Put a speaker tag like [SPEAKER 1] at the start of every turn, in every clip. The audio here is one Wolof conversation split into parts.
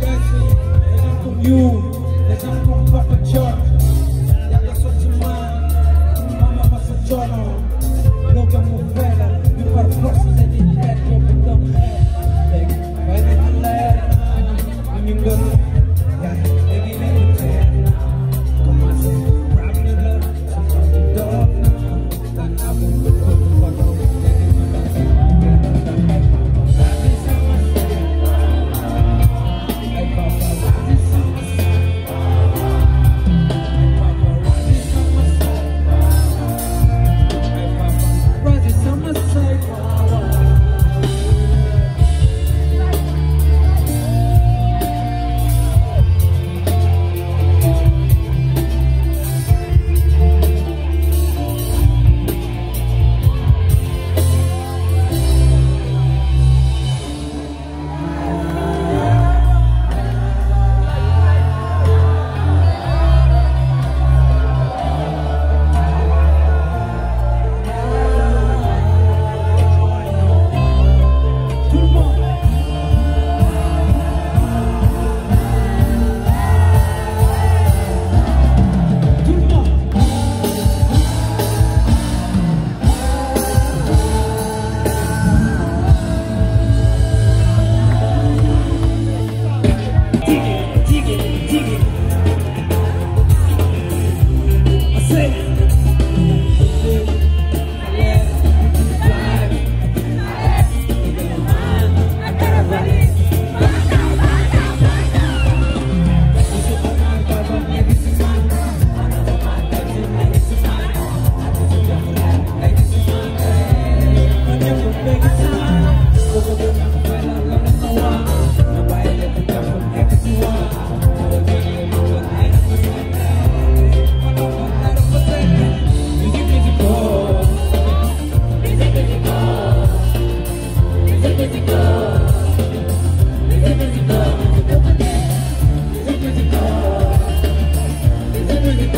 [SPEAKER 1] Obrigado. Is it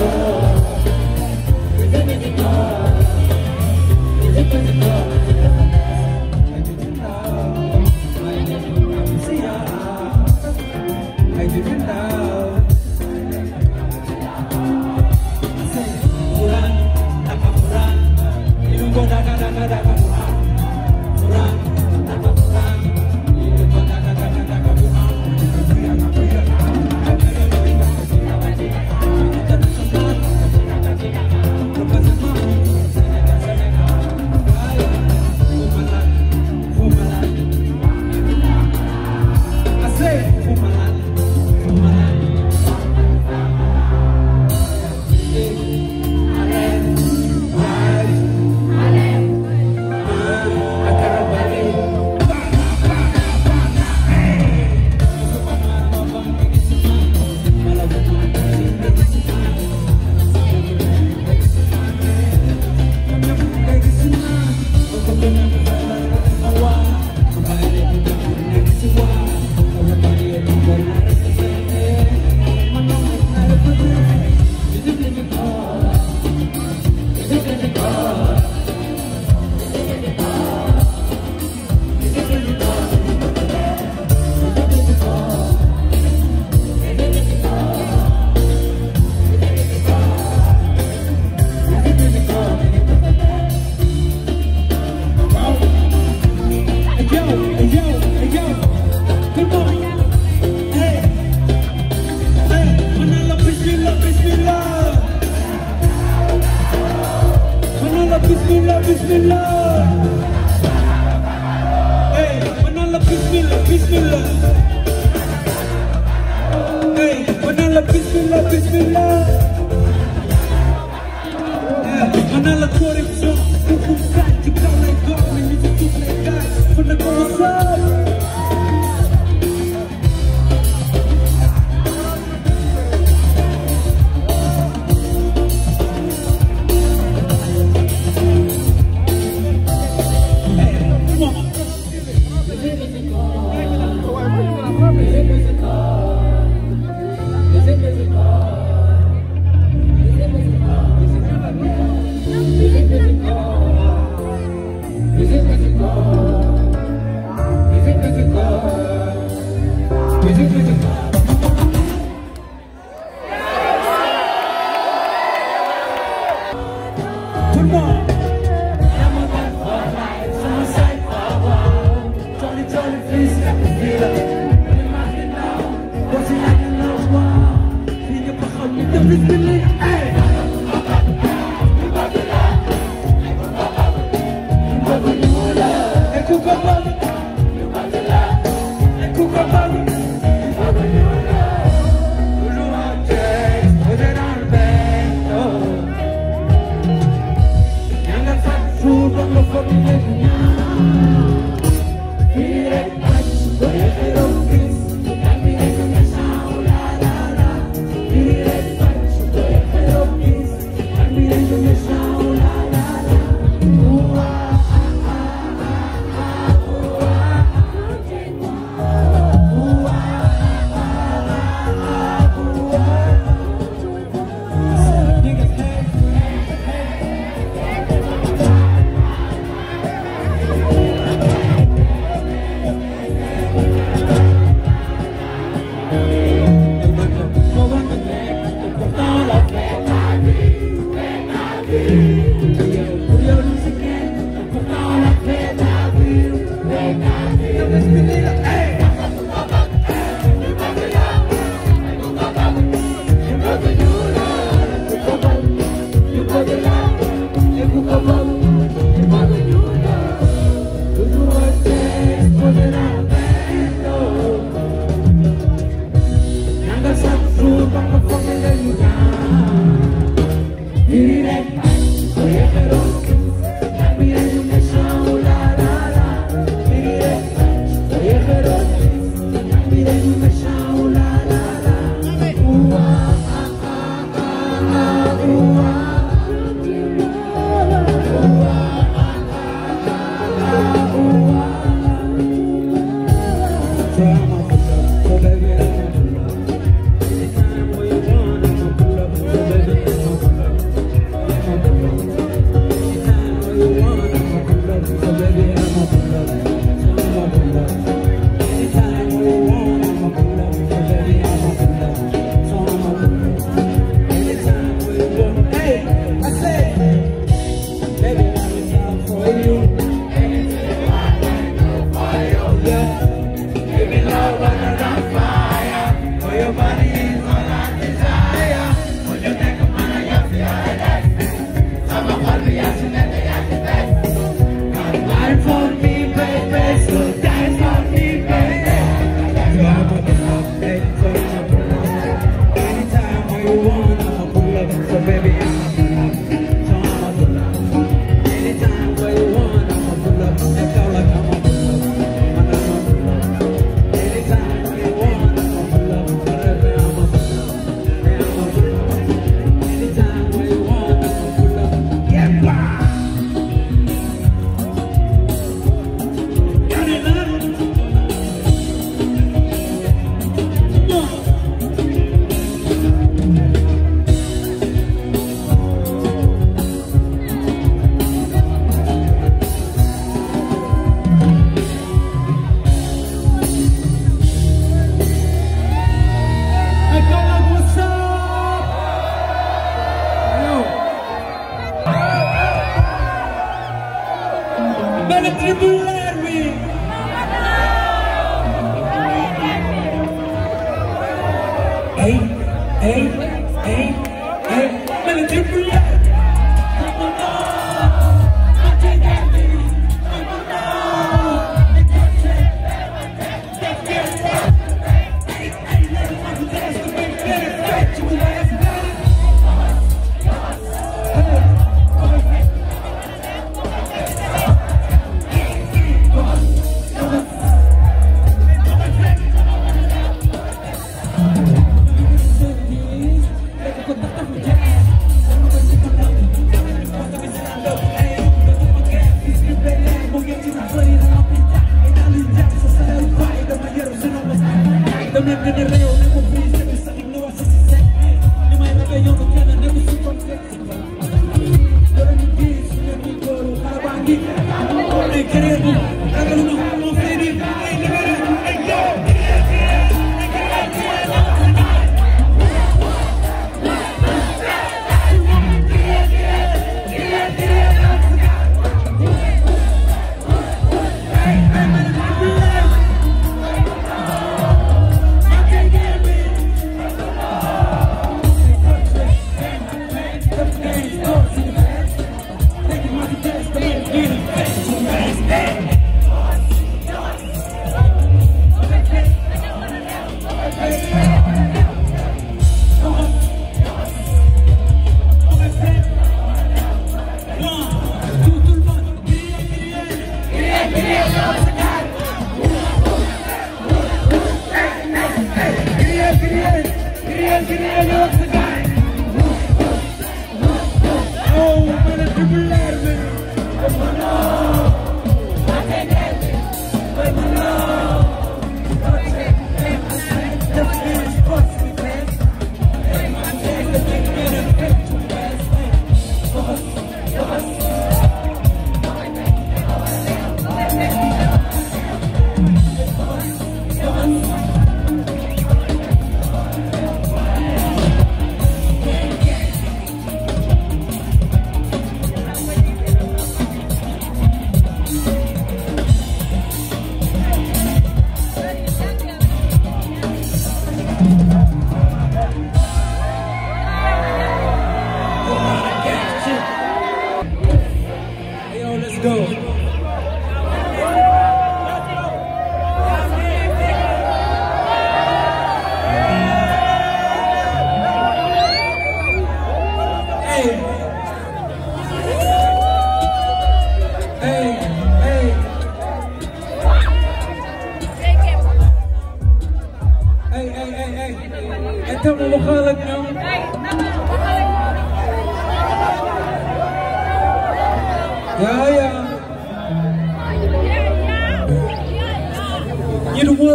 [SPEAKER 1] grande de Rio de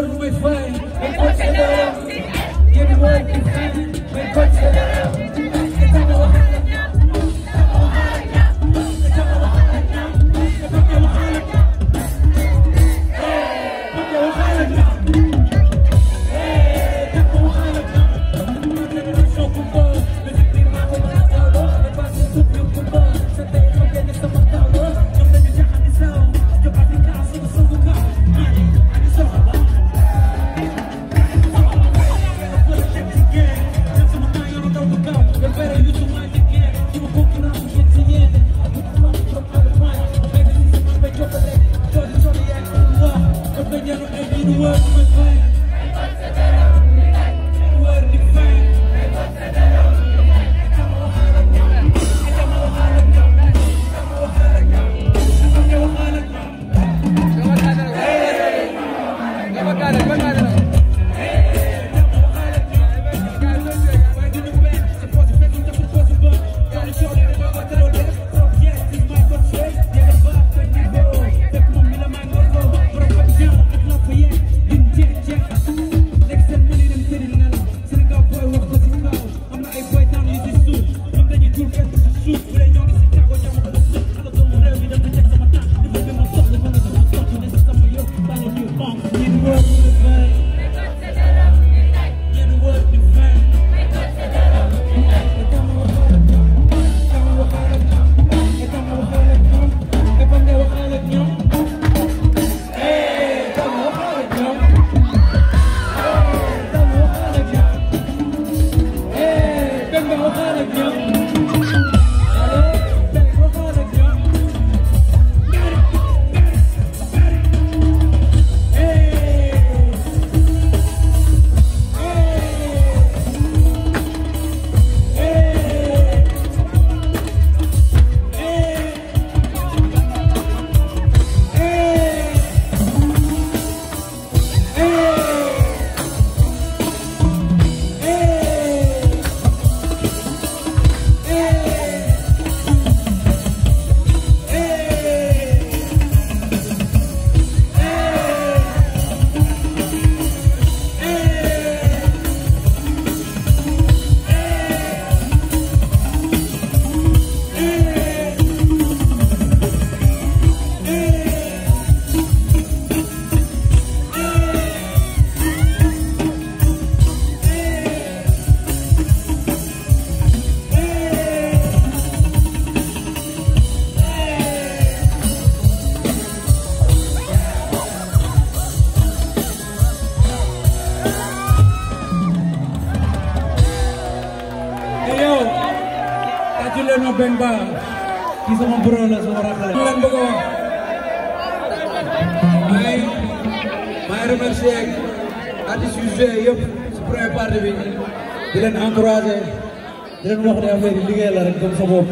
[SPEAKER 1] no me encouragé di leen wax ne affaire yi liggéey la rek comme sa bopp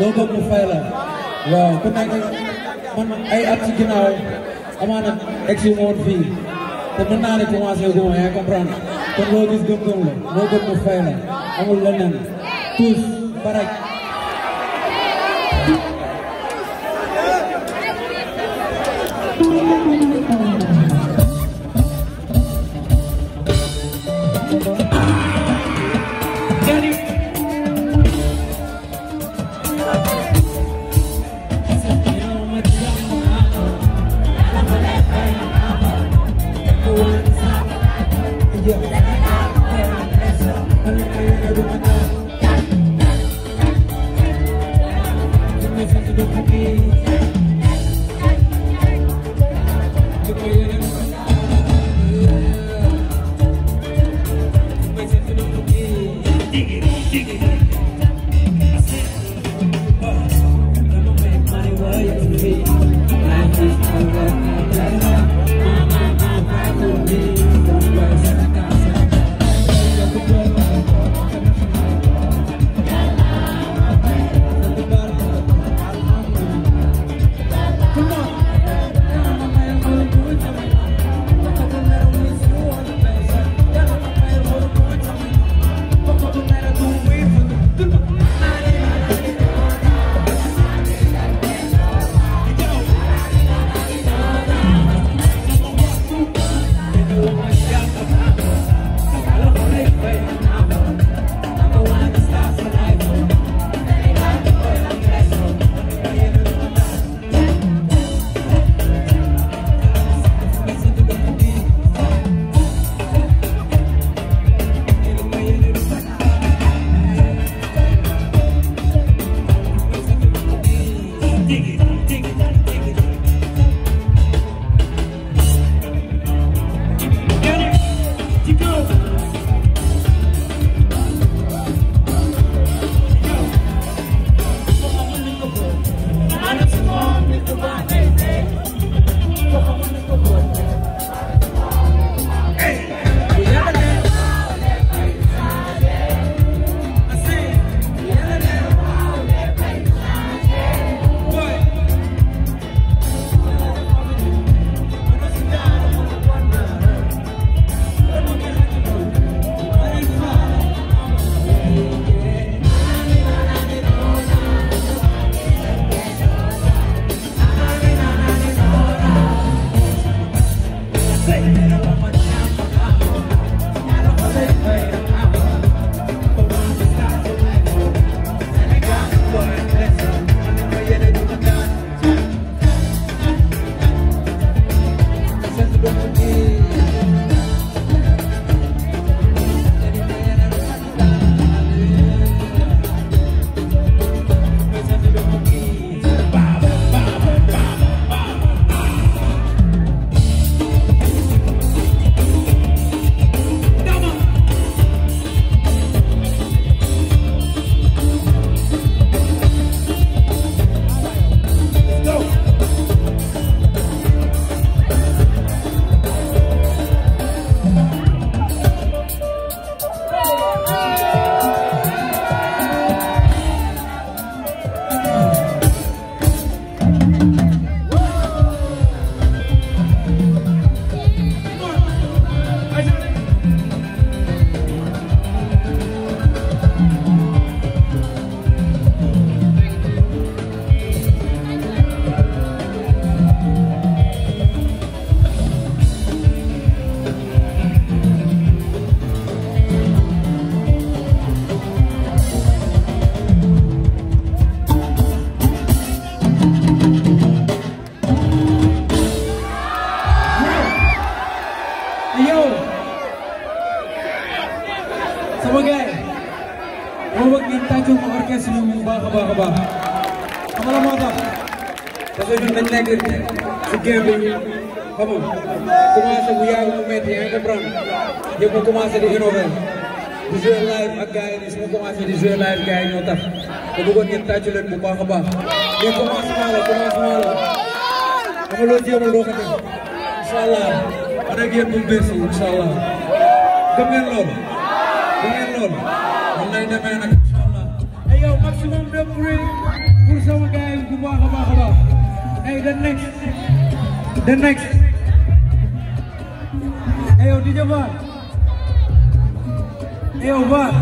[SPEAKER 1] loo bëgg mu fay la waaw ku nekk man ay at ci ginnaaw amaana egg si woon fii te mën naa ne gu ma yaa comprendre kon loo gis gëm-gëm loo bëgg mu fay la amul leneen tous baraj you. ñu commencé di innover di jouer live ak gars yi nii commencé di jouer live gars ñoo tax te bëggoon ngeen tàccu leen bu baax a baax mais commencement la commencement la dama loo jéem a doo ko def incha bu mu si incha allah man lay ay yow maximum de bruit pour sama bu baax ay the next the next ay yow di jëfaat. Yo, what?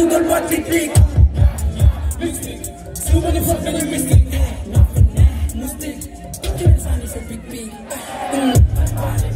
[SPEAKER 1] do the magic trick. Mystic, too many fucks and you mystic. Not for now, mystic. Can't find us a big beat.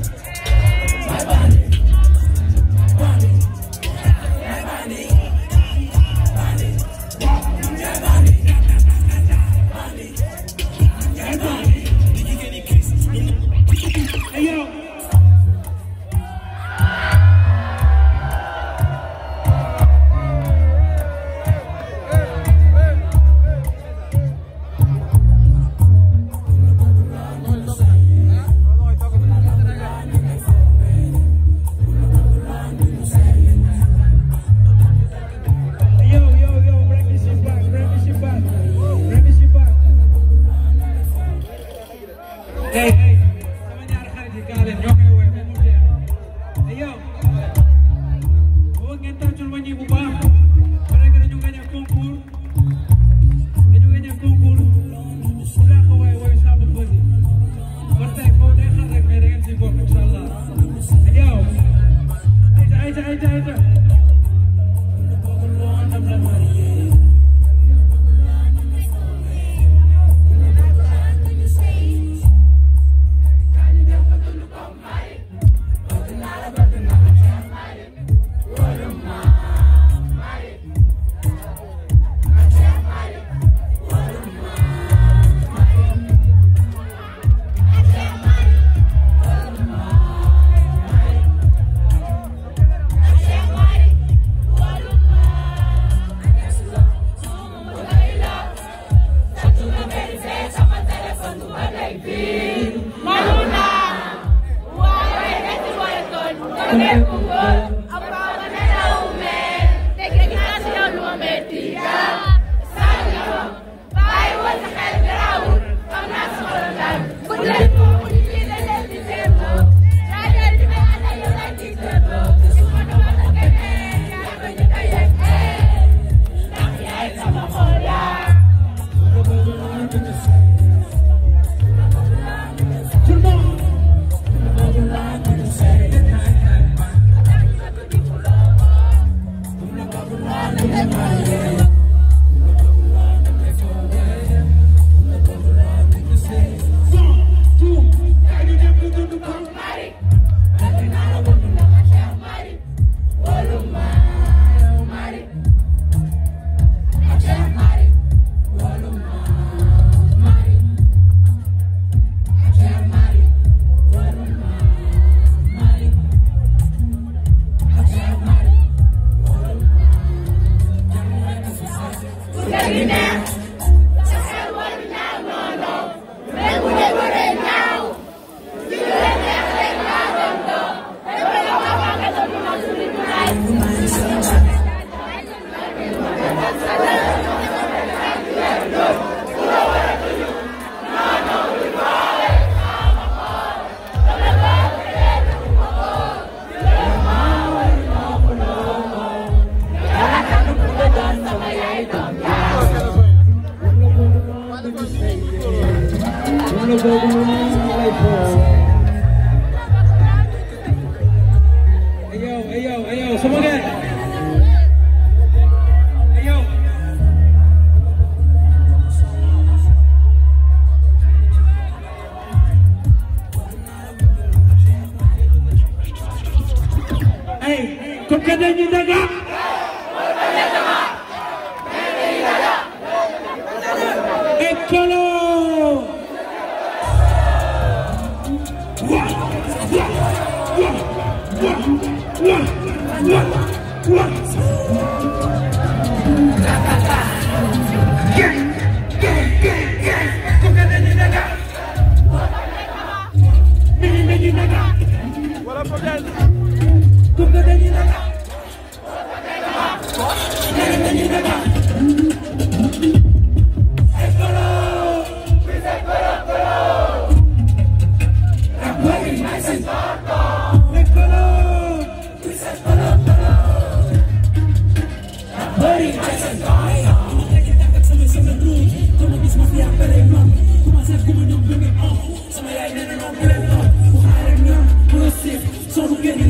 [SPEAKER 1] সময়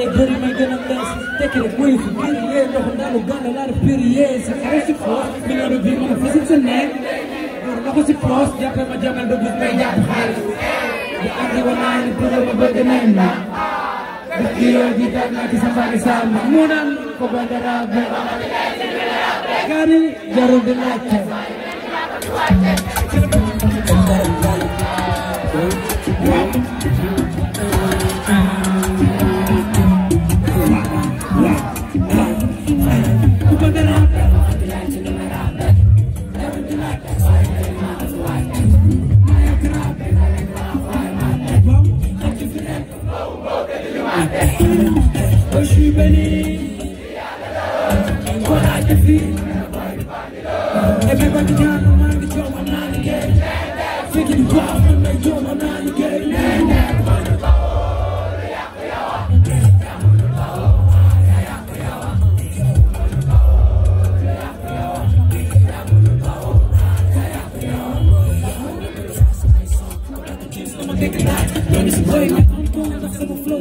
[SPEAKER 1] Gane gërëmay gën a lees tekki rek mooy fi biir yee ndoxu ndalu Gane laa def biir yee sa xarit si poos million bi mën a fasil sa nekk góor na ko si poos jàppee ma jamal ba gis may jàpp xaalis di àndi wa naa ni bëgg ma bëgg nañ la ndax yoo ji daal naa ci sa mbaari sàmm mu naan ko bandara bu Gane jarul di laajte Thank you. Everybody down.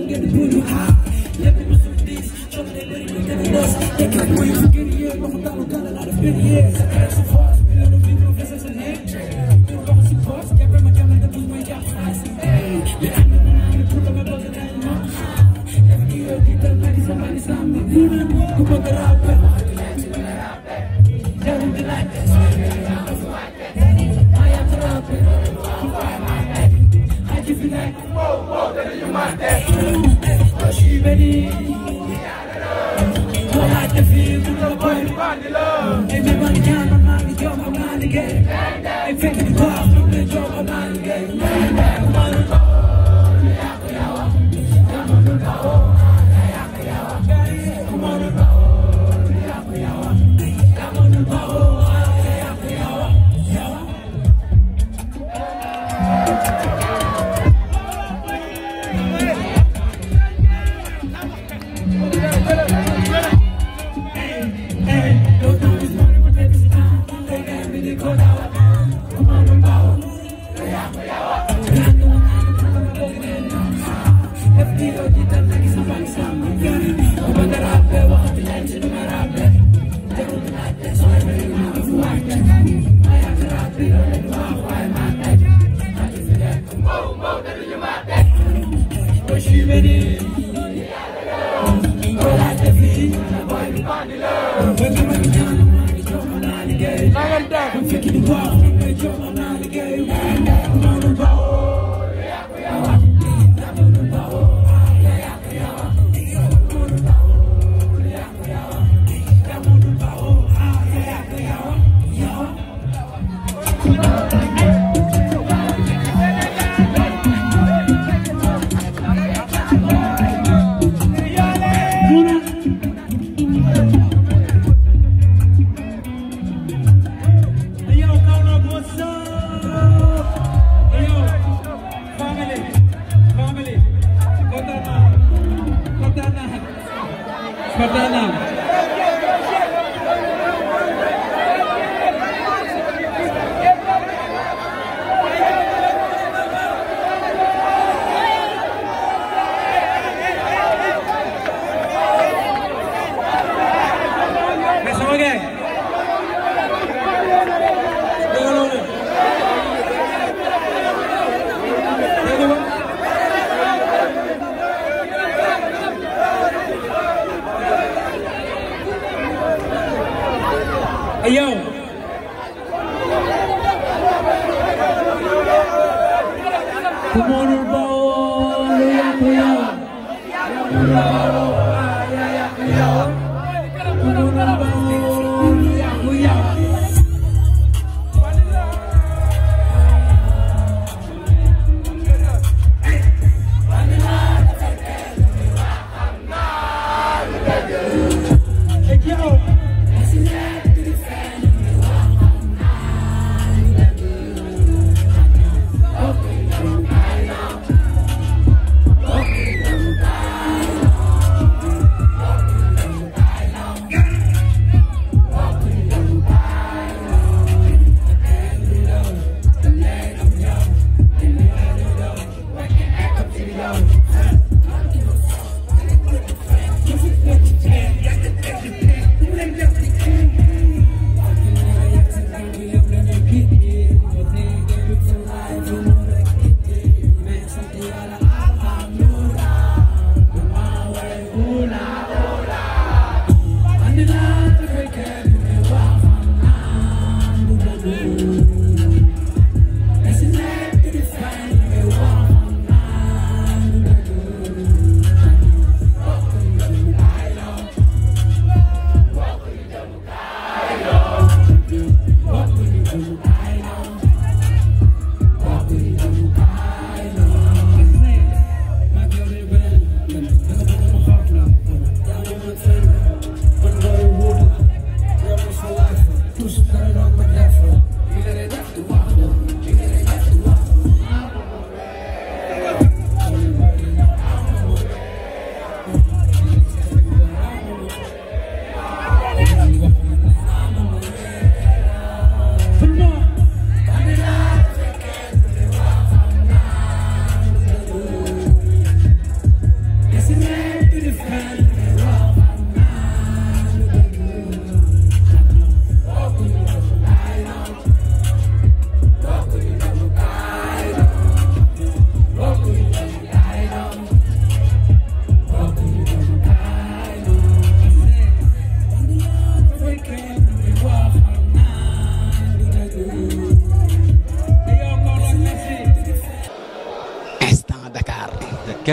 [SPEAKER 1] get the booty hot. Let me listen to this, jump that little bit of dust. They can't wait to get here, no one got a lot of good years. I can't so far, we don't know people, this is a name. You don't have a support, get rid of my gun like the blue, my job, I say, hey. Yeah, I'm not gonna put my bucket down, no. Every year, people like this, I'm not gonna put my bucket down, Everybody count my money, go my money, yeah. If it's the boss, I'm gonna my money, perdido de